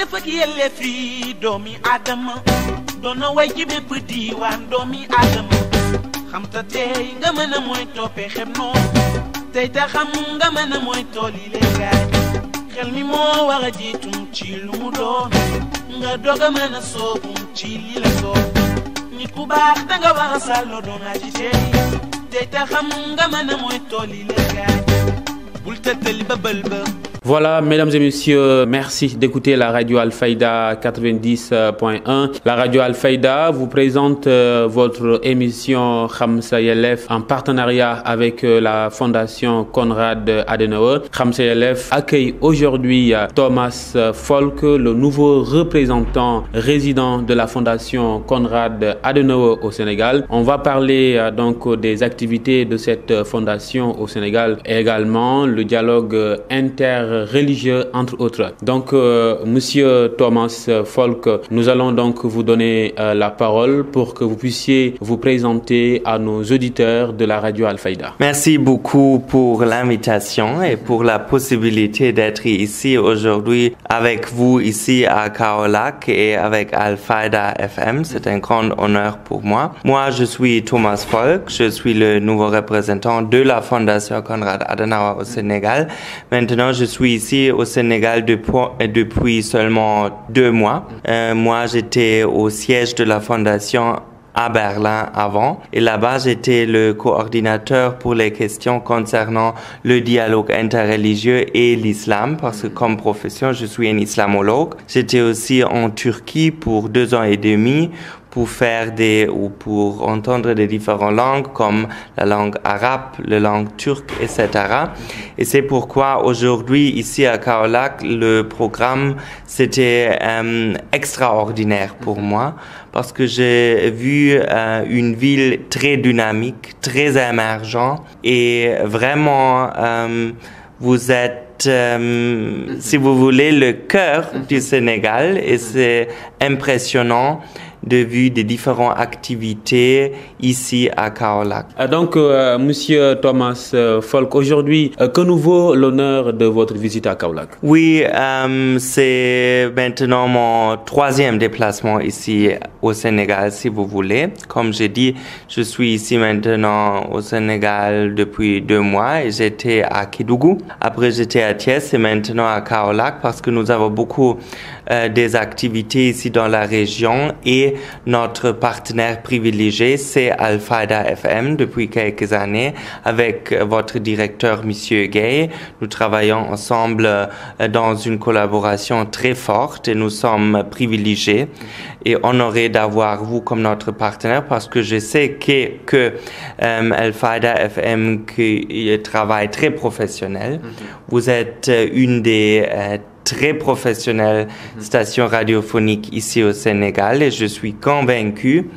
wareef ak yelleef yi doomi aadama doon na way ci bépp diiwaan doomi xam ta tey nga mën a mooy toppee xem noonu tey ta nga mën a mooy tool yi léegaay xel mi moo war a jiitum ci lu mu nga doog mën a soobum ci li la soob nit ku baax danga war a sàlloo doon agité tey ta xam nga mën a mooy tool yi léegaay bul tëddal ba bël ba Voilà, mesdames et messieurs, merci d'écouter la radio Al-Faïda 90.1. Euh, la radio al vous présente euh, votre émission Khamsa Yelef en partenariat avec euh, la fondation Konrad Adenauer. Khamsa Yelef accueille aujourd'hui Thomas Folk, le nouveau représentant résident de la fondation Konrad Adenauer au Sénégal. On va parler donc des activités de cette fondation au Sénégal et également le dialogue inter euh, religieux, entre autres. Donc, euh, Monsieur Thomas Folk, nous allons donc vous donner euh, la parole pour que vous puissiez vous présenter à nos auditeurs de la radio Al-Faïda. Merci beaucoup pour l'invitation et pour la possibilité d'être ici aujourd'hui avec vous ici à Kaolak et avec Al-Faïda FM. C'est un grand honneur pour moi. Moi, je suis Thomas Folk, je suis le nouveau représentant de la Fondation Konrad Adenauer au Sénégal. Maintenant, je suis suis ici au Sénégal depuis, seulement deux mois. Euh, moi, j'étais au siège de la fondation à Berlin avant. Et là-bas, j'étais le coordinateur pour les questions concernant le dialogue interreligieux et l'islam, parce que comme profession, je suis un islamologue. J'étais aussi en Turquie pour deux ans et demi pour faire des ou pour entendre des différentes langues comme la langue arabe, la langue turque, etc. Et c'est pourquoi aujourd'hui ici à Kaolac le programme c'était euh, extraordinaire pour mhm. moi parce que j'ai vu euh, une ville très dynamique, très émergente et vraiment euh, vous êtes mhm. si vous voulez, le cœur mhm. du Sénégal et c'est impressionnant de vue des différentes activités ici à Kaolac. Ah, donc, euh, Monsieur Thomas euh, Folk, aujourd'hui, euh, que nous vaut l'honneur de votre visite à Kaolac Oui, c'est maintenant mon troisième déplacement ici au Sénégal, si vous voulez. Comme j'ai dit, je suis ici maintenant au Sénégal depuis deux mois et j'étais à Kidougou. Après, j'étais à Thiès et maintenant à Kaolac parce que nous avons beaucoup des activités ici dans la région et notre partenaire privilégié, c'est al FM depuis quelques années avec votre directeur, Monsieur Gay. Nous travaillons ensemble euh, dans une collaboration très forte et nous sommes privilégiés et honorés d'avoir vous comme notre partenaire parce que je sais que, que euh, al FM euh, travaille très professionnel. Mm-hmm. Vous êtes une des très professionnelle station radiophonique ici au Sénégal et je suis convaincu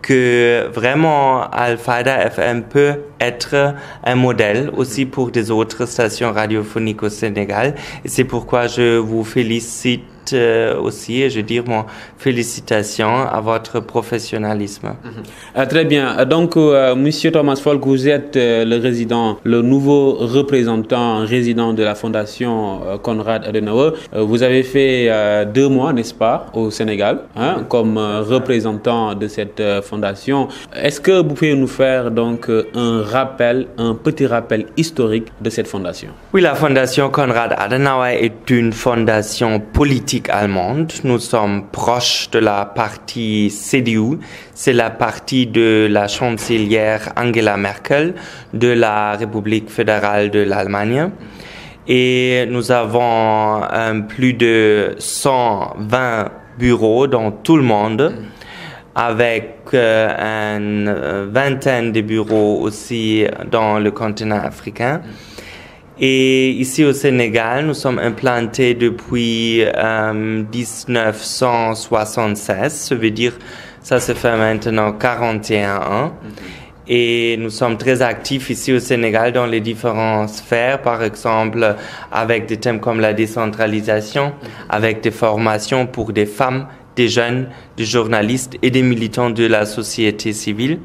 que vraiment al FM peut être un modèle aussi pour des autres stations radiophoniques au Sénégal. C'est pourquoi je vous félicite euh, aussi je je dire mon félicitations à votre professionnalisme. Mm-hmm. Euh, très bien. Euh, donc, Monsieur Thomas Folk, vous êtes le résident, le nouveau représentant résident de la Fondation Konrad Adenauer. vous avez fait deux mois, n'est-ce pas, au Sénégal, hein, mm-hmm. comme représentant de cette fondation. Est-ce que vous pouvez nous faire donc un rappel, un petit rappel historique de cette fondation Oui, la Fondation Konrad Adenauer est une fondation politique allemande. Nous sommes proches de la partie CDU. C'est la partie de la chancelière Angela Merkel de la République fédérale de l'Allemagne. Et nous avons euh, plus de 120 bureaux dans tout le monde avec euh, une euh, vingtaine de bureaux aussi dans le continent africain. Et ici au Sénégal, nous sommes implantés depuis 1976, euh, ça veut dire ça se fait maintenant 41 ans. Mhm. Et nous sommes très actifs ici au Sénégal dans les différentes sphères, par exemple avec des thèmes comme la décentralisation, mhm. avec des formations pour des femmes des jeunes, des journalistes et des militants de la société civile.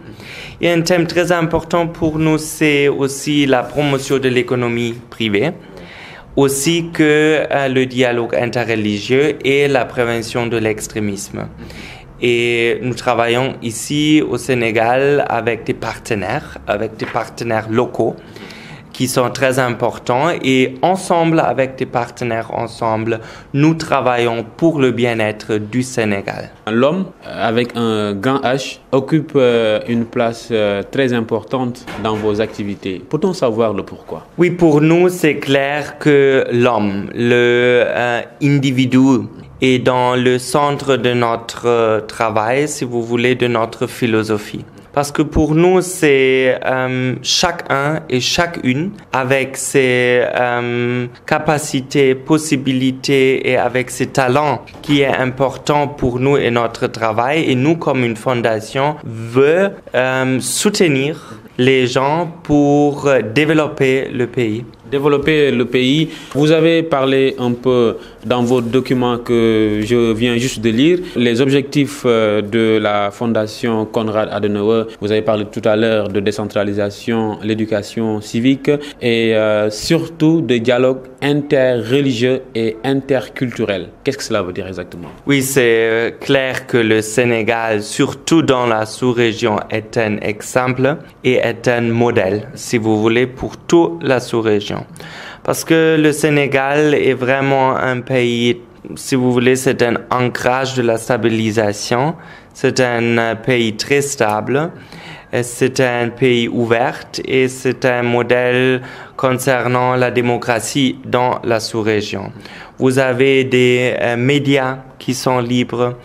Et un thème très important pour nous, c'est aussi la promotion de l'économie privée, aussi que euh, le dialogue interreligieux et la prévention de l'extrémisme. Et nous travaillons ici au Sénégal avec des partenaires, avec des partenaires locaux qui sont très importants et ensemble avec des partenaires ensemble, nous travaillons pour le bien-être du Sénégal. L'homme euh, avec un grand H occupe euh, une place euh, très importante dans vos activités. Peut-on savoir le pourquoi Oui, pour nous, c'est clair que l'homme, le individu est dans le centre de notre travail, si vous voulez, de notre philosophie. Parce que pour nous, c'est euh, chacun et chacune avec ses euh, capacités, possibilités et avec ses talents qui est important pour nous et notre travail. Et nous, comme une fondation, veut euh, soutenir les gens pour développer le pays. Développer le pays. Vous avez parlé un peu dans votre documents que je viens juste de lire, les objectifs euh, de la Fondation Konrad Adenauer. Vous avez parlé tout à l'heure de décentralisation, l'éducation civique et euh, surtout de dialogue interreligieux et interculturel. Qu'est-ce que cela veut dire exactement Oui, c'est euh, clair que le Sénégal, surtout dans la sous-région, est un exemple et est un modèle, si vous voulez, pour toute la sous-région. Parce que le Sénégal est vraiment un pays, si vous voulez, c'est un ancrage de la stabilisation. C'est un pays très stable. C'est un pays ouvert et c'est un modèle concernant la démocratie dans la sous-région. Vous avez des euh, médias qui sont libres,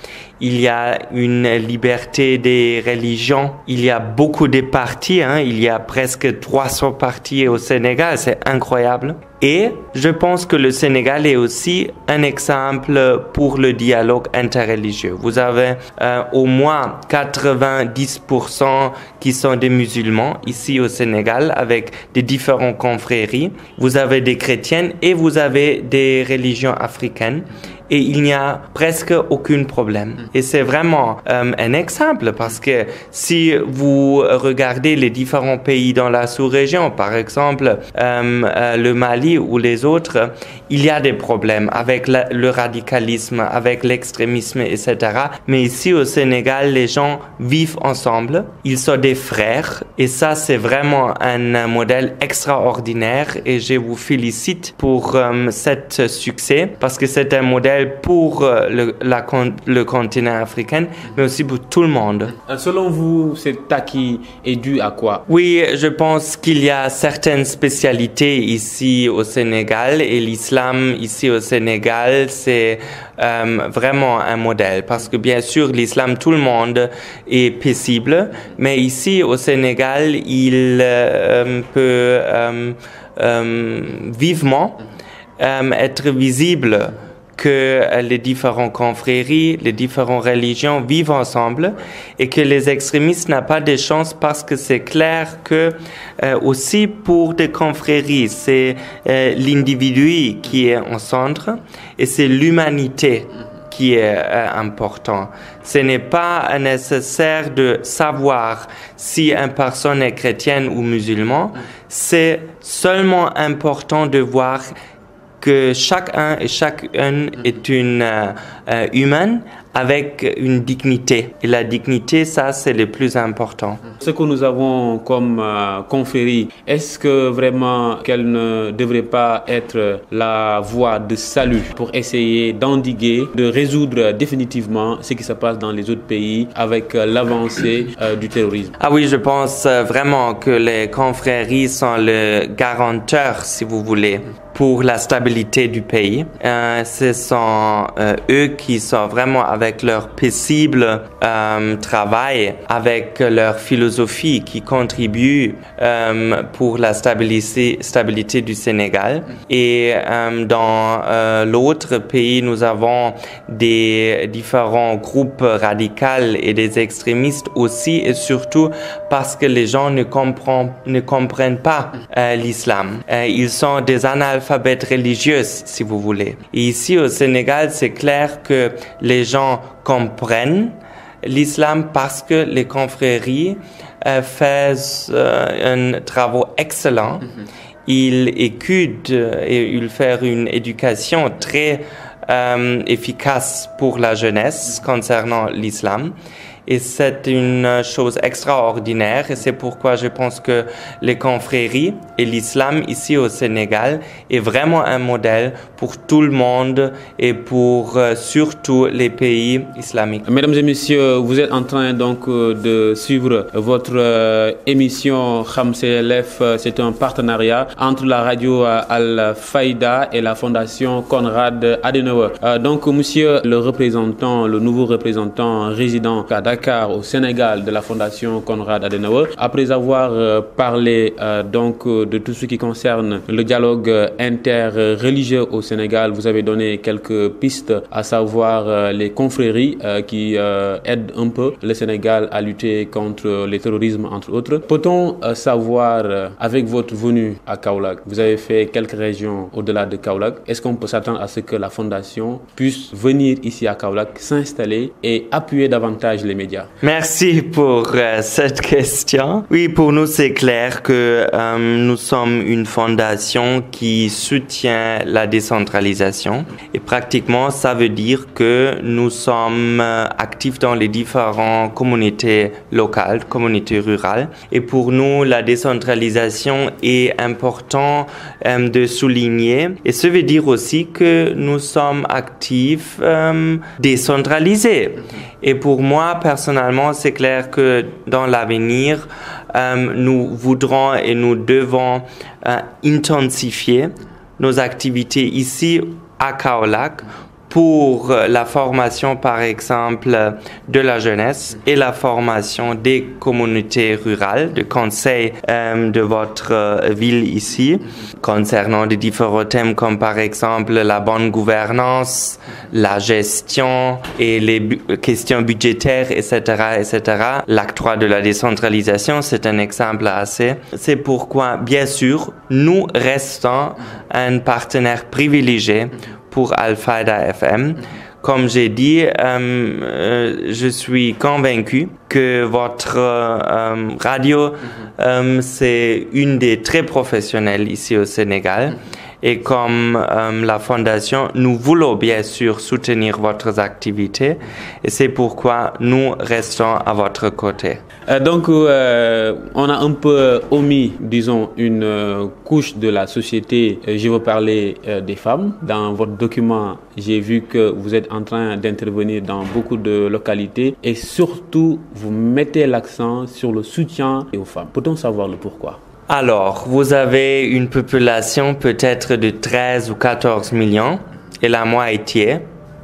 il y a une liberté des religions, il y a beaucoup de partis, hein. il y a presque 300 partis au Sénégal, c'est incroyable. Et je pense que le Sénégal est aussi un exemple pour le dialogue interreligieux. Vous avez euh, au moins 90% qui sont des musulmans ici au Sénégal avec des différentes confréries. Vous avez des chrétiennes et vous avez des religions africaines et il n'y a presque aucun problème. Mm. Et c'est vraiment euh, un exemple parce que si vous regardez les différents pays dans la sous-région, par exemple euh, euh, le Mali ou les autres, il y a des problèmes avec le radicalisme, avec l'extrémisme, etc. Mais ici au Sénégal, les gens vivent ensemble, ils sont des frères et ça c'est vraiment un modèle extraordinaire et je vous félicite pour cet succès parce que c'est un modèle pour euh, le, la, le continent africain, mais aussi pour tout le monde. Euh, selon vous, cet acquis est dû à quoi Oui, je pense qu'il y a certaines spécialités ici au Sénégal et l'islam ici au Sénégal, c'est euh, vraiment un modèle parce que bien sûr, l'islam, tout le monde est paisible, mais ici au Sénégal, il peut vivement être visible que euh, les différents confréries, les différentes religions vivent ensemble et que les extrémistes n'ont pas de chance parce que c'est clair que euh, aussi pour des confréries, c'est euh, l'individu qui est en centre et c'est l'humanité qui est important. Ce n'est pas nécessaire de savoir si une personne est chrétienne ou musulmane, c'est seulement important de voir que chacun et chacune mm-hmm. est une euh, euh, humaine avec une dignité. Et la dignité, ça, c'est le plus important. Mm-hmm. Ce que nous avons comme euh, confrérie, est-ce que vraiment qu'elle ne devrait pas être la voie de salut pour essayer d'endiguer, de résoudre définitivement ce qui se passe dans les autres pays avec l'avancée du terrorisme Ah oui, je pense vraiment que les confréries sont le garanteur, si vous voulez, mm-hmm pour la stabilité du pays. Euh, ce sont euh, eux qui sont vraiment avec leur paisible euh, travail, avec leur philosophie qui contribuent pour la stabilité, stabilité du Sénégal. Et dans l'autre pays, nous avons des différents groupes radicaux et des extrémistes aussi et surtout parce que les gens ne, comprennent, ne comprennent pas l'islam. ils sont des analphabètes religieuse, religieuse, si vous voulez. Et ici au Sénégal, c'est clair que les gens comprennent l'islam parce que les confréries euh, font euh, un travail excellent. Mm-hmm. Ils écoutent euh, et ils font une éducation très efficace pour la jeunesse concernant l'islam et c'est une chose extraordinaire et c'est pourquoi je pense que les confréries et l'islam ici au Sénégal est vraiment un modèle pour tout le monde et pour euh, surtout les pays islamiques. Mesdames et messieurs, vous êtes en train donc euh, de suivre votre euh, émission CLF. C'est un partenariat entre la radio Al-Faïda et la fondation Konrad Adenauer. donc monsieur le représentant, le nouveau représentant résident Kadak au Sénégal de la Fondation Konrad Adenauer. Après avoir euh, parlé euh, donc euh, de tout ce qui concerne le dialogue interreligieux au Sénégal, vous avez donné quelques pistes, à savoir les confréries qui aident un peu le Sénégal à lutter contre le terrorisme, entre autres. Peut-on savoir, avec votre venue à Kaolack, vous avez fait quelques régions au-delà de Kaolack, est-ce qu'on peut s'attendre à ce que la Fondation puisse venir ici à Kaolack, s'installer et appuyer davantage les Merci pour euh, cette question. Oui, pour nous, c'est clair que euh, nous sommes une fondation qui soutient la décentralisation. Et pratiquement, ça veut dire que nous sommes euh, actifs dans les différentes communautés locales, communautés rurales. Et pour nous, la décentralisation est importante de souligner. Et ça veut dire aussi que nous sommes actifs décentralisés. Et pour moi, personnellement, c'est clair que dans l'avenir, euh, nous voudrons et nous devons euh, intensifier nos activités ici à Kaolac pour euh, la formation, par exemple, de la jeunesse et la formation des communautés rurales, de conseils euh, de votre euh, ville ici, concernant des différents thèmes comme par exemple la bonne gouvernance, la gestion et les questions budgétaires, etc., etc. L'acte de la décentralisation, c'est un exemple assez. C'est pourquoi, bien sûr, nous restons un partenaire privilégié pour al FM. Mhm. Comme j'ai dit, euh, euh, je suis convaincu que votre euh, radio, mhm. c'est une des très professionnelles ici au Sénégal. Mhm. Et comme euh, la Fondation, nous voulons bien sûr soutenir votre activité et c'est pourquoi nous restons à votre côté. Euh, donc, euh, on a un peu omis, disons, une couche de la société. Je veux parler des femmes. Dans votre document, j'ai vu que vous êtes en train d'intervenir dans beaucoup de localités et surtout, vous mettez l'accent sur le soutien aux femmes. Peut-on savoir le pourquoi alors, vous avez une population peut-être de 13 ou 14 millions et la moitié,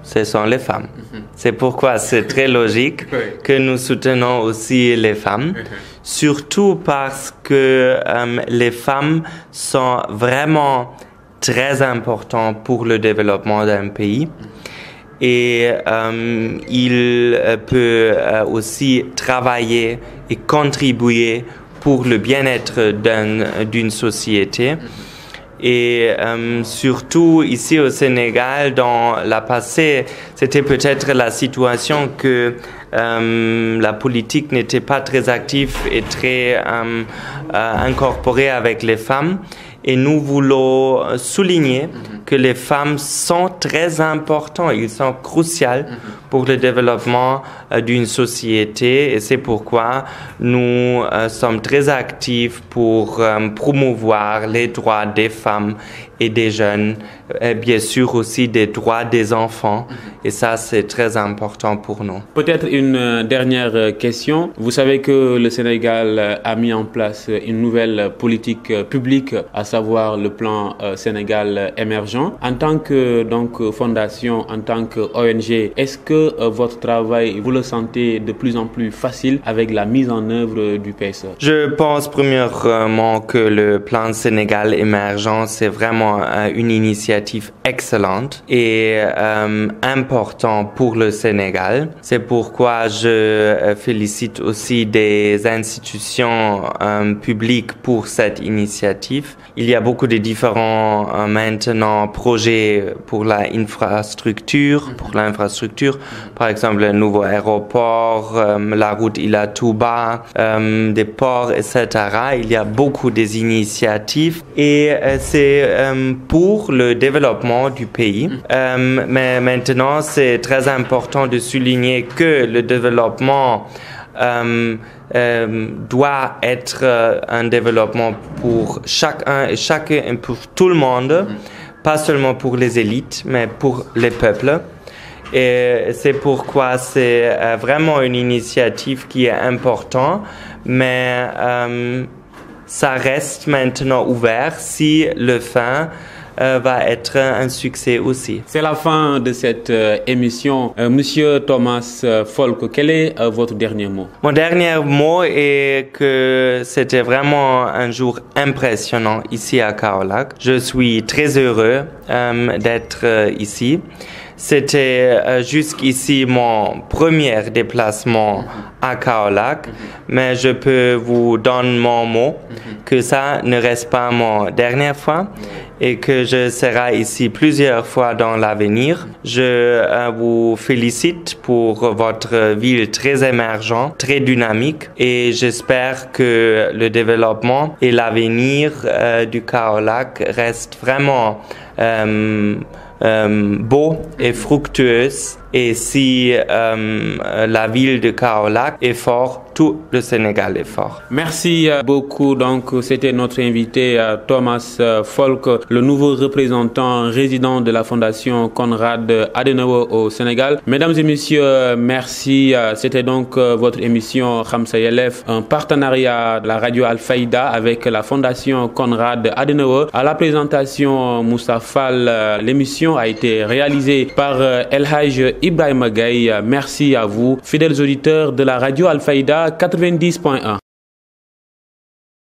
ce sont les femmes. Mhm. C'est pourquoi c'est très logique que nous soutenons aussi les femmes, mhm. surtout parce que euh, les femmes sont vraiment très importantes pour le développement d'un pays. Et euh, il peut euh, aussi travailler et contribuer pour le bien-être d'une société. Et euh, surtout ici au Sénégal, dans la passé, c'était peut-être la situation que euh, la politique n'était pas très active et très euh, incorporée avec les femmes et nous voulons souligner que les femmes sont très importantes, elles sont cruciales mhm. pour le développement euh, d'une société et c'est pourquoi nous euh, sommes très actifs pour euh, promouvoir les droits des femmes et des jeunes, et bien sûr aussi des droits des enfants. Et ça, c'est très important pour nous. Peut-être une euh, dernière euh, question. Vous savez que le Sénégal euh, a mis en place une nouvelle politique publique, à savoir le plan Sénégal émergent. En tant que donc, fondation, en tant qu'ONG, est-ce que votre travail, vous le sentez de plus en plus facile avec la mise en œuvre du PSE Je pense premièrement que le plan Sénégal émergent, c'est vraiment euh, une initiative excellente et euh, importante pour le Sénégal. C'est pourquoi je euh, félicite aussi des institutions publiques pour cette initiative. Il y a beaucoup de différents maintenant projets pour la infrastructure, pour l'infrastructure, par exemple le nouveau aéroport, la route Ilatouba, des ports, etc. Il y a beaucoup des initiatives et c'est euh, pour le développement du pays. Mm. Euh, mais maintenant, c'est très important de souligner que le développement euh, doit être un développement pour chacun et chacun, pour tout le monde, mm. pas seulement pour les élites, mais pour les peuples. Et c'est pourquoi c'est vraiment une initiative qui est importante, mais ça reste maintenant ouvert si le fin euh, va être un succès aussi. C'est la fin de cette euh, émission. Euh, Monsieur Thomas Folk, quel est votre dernier mot Mon dernier mot est que c'était vraiment un jour impressionnant ici à Kaolac. Je suis très heureux d'être ici c'était euh, jusqu'ici mon premier déplacement à Kaolac, mais je peux vous donner mon mot que ça ne reste pas mon dernière fois et que je serai ici plusieurs fois dans l'avenir. Je euh, vous félicite pour votre ville très émergente, très dynamique et j'espère que le développement et l'avenir euh, du Kaolac restent vraiment euh, beau et fructueuse. Et si euh, la ville de Kaolac est fort tout le Sénégal est fort. Merci euh, beaucoup. Donc, c'était notre invité euh, Thomas euh, Folk, le nouveau représentant résident de la Fondation Conrad Adenauer au Sénégal. Mesdames et messieurs, merci. C'était donc votre émission Ramsay un partenariat de la radio Al-Faïda avec la Fondation Conrad Adenauer. À la présentation Moussa Fall, l'émission a été réalisée par El Haj Ibrahim Gaye. Merci à vous, fidèles auditeurs de la radio Al-Faïda. 90.1